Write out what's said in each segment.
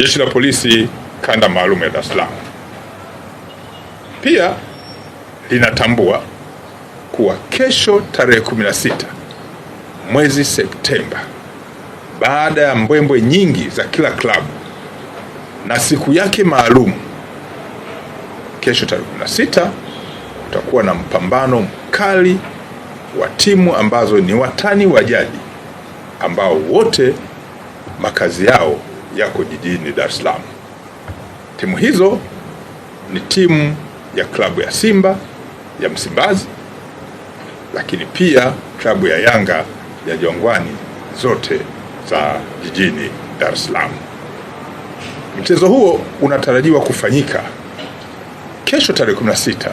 Jeshi la Polisi kanda maalum ya Dar es Salaam pia linatambua kuwa kesho tarehe 16 mwezi Septemba, baada ya mbwembwe nyingi za kila klabu na siku yake maalum, kesho tarehe 16 kutakuwa na mpambano mkali wa timu ambazo ni watani wa jadi ambao wote makazi yao yako jijini Dar es Salaam. Timu hizo ni timu ya klabu ya Simba ya Msimbazi, lakini pia klabu ya Yanga ya Jangwani, zote za jijini Dar es Salaam. Mchezo huo unatarajiwa kufanyika kesho tarehe 16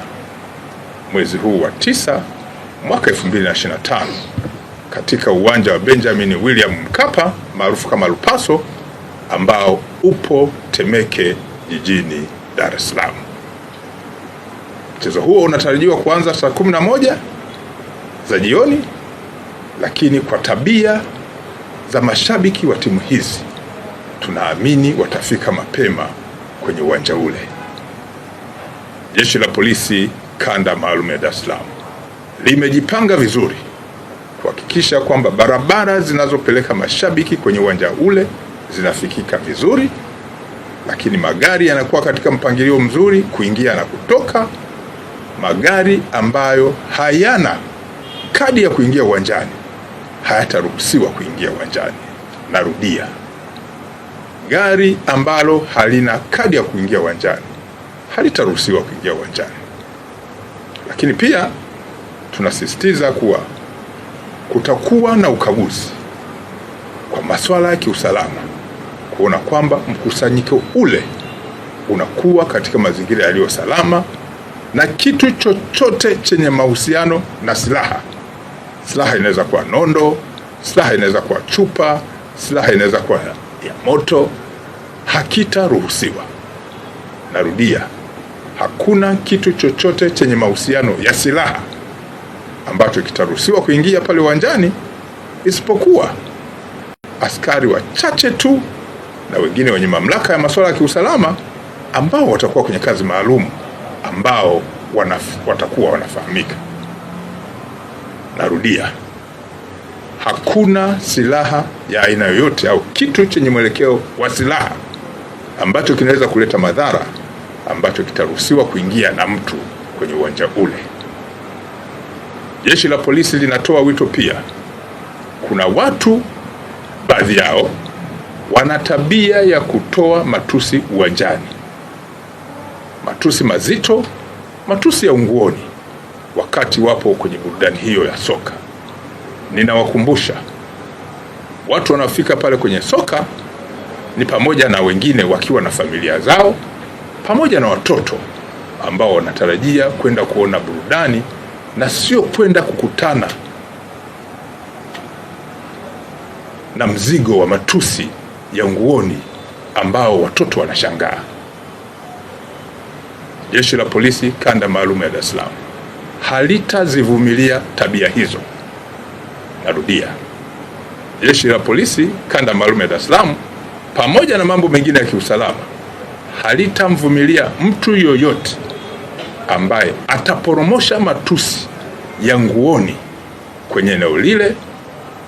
mwezi huu wa 9 mwaka 2025 katika uwanja wa Benjamin William Mkapa maarufu kama Lupaso ambao upo Temeke jijini Dar es Salaam. Mchezo huo unatarajiwa kuanza saa 11 za jioni, lakini kwa tabia za mashabiki wa timu hizi tunaamini watafika mapema kwenye uwanja ule. Jeshi la Polisi kanda maalum ya Dar es Salaam limejipanga vizuri kuhakikisha kwamba barabara zinazopeleka mashabiki kwenye uwanja ule zinafikika vizuri, lakini magari yanakuwa katika mpangilio mzuri kuingia na kutoka. Magari ambayo hayana kadi ya kuingia uwanjani hayataruhusiwa kuingia uwanjani. Narudia, gari ambalo halina kadi ya kuingia uwanjani halitaruhusiwa kuingia uwanjani. Lakini pia tunasisitiza kuwa kutakuwa na ukaguzi kwa masuala ya kiusalama kuona kwamba mkusanyiko ule unakuwa katika mazingira yaliyo salama, na kitu chochote chenye mahusiano na silaha. Silaha inaweza kuwa nondo, silaha inaweza kuwa chupa, silaha inaweza kuwa ya moto, hakitaruhusiwa. Narudia, hakuna kitu chochote chenye mahusiano ya silaha ambacho kitaruhusiwa kuingia pale uwanjani isipokuwa askari wachache tu na wengine wenye mamlaka ya masuala ya kiusalama ambao watakuwa kwenye kazi maalum ambao wanaf, watakuwa wanafahamika. Narudia, hakuna silaha ya aina yoyote au kitu chenye mwelekeo wa silaha ambacho kinaweza kuleta madhara ambacho kitaruhusiwa kuingia na mtu kwenye uwanja ule. Jeshi la polisi linatoa wito pia, kuna watu baadhi yao wana tabia ya kutoa matusi uwanjani, matusi mazito, matusi ya unguoni, wakati wapo kwenye burudani hiyo ya soka. Ninawakumbusha watu wanaofika pale kwenye soka ni pamoja na wengine wakiwa na familia zao, pamoja na watoto ambao wanatarajia kwenda kuona burudani na sio kwenda kukutana na mzigo wa matusi ya Unguoni ambao watoto wanashangaa. Jeshi la Polisi kanda maalum ya Dar es Salaam halitazivumilia tabia hizo. Narudia, Jeshi la Polisi kanda maalum ya Dar es Salaam pamoja na mambo mengine ya kiusalama halitamvumilia mtu yoyote ambaye ataporomosha matusi ya Nguoni kwenye eneo lile,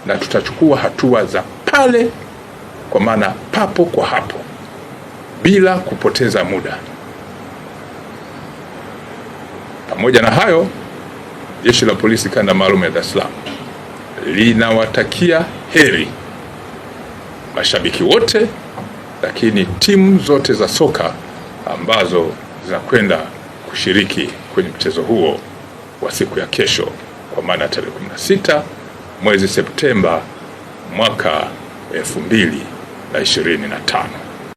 na tutachukua hatua za pale kwa maana papo kwa hapo bila kupoteza muda. Pamoja na hayo, Jeshi la Polisi Kanda Maalum ya Dar es Salaam linawatakia heri mashabiki wote, lakini timu zote za soka ambazo zinakwenda kushiriki kwenye mchezo huo wa siku ya kesho, kwa maana ya tarehe 16 mwezi Septemba mwaka elfu mbili la ishirini na tano.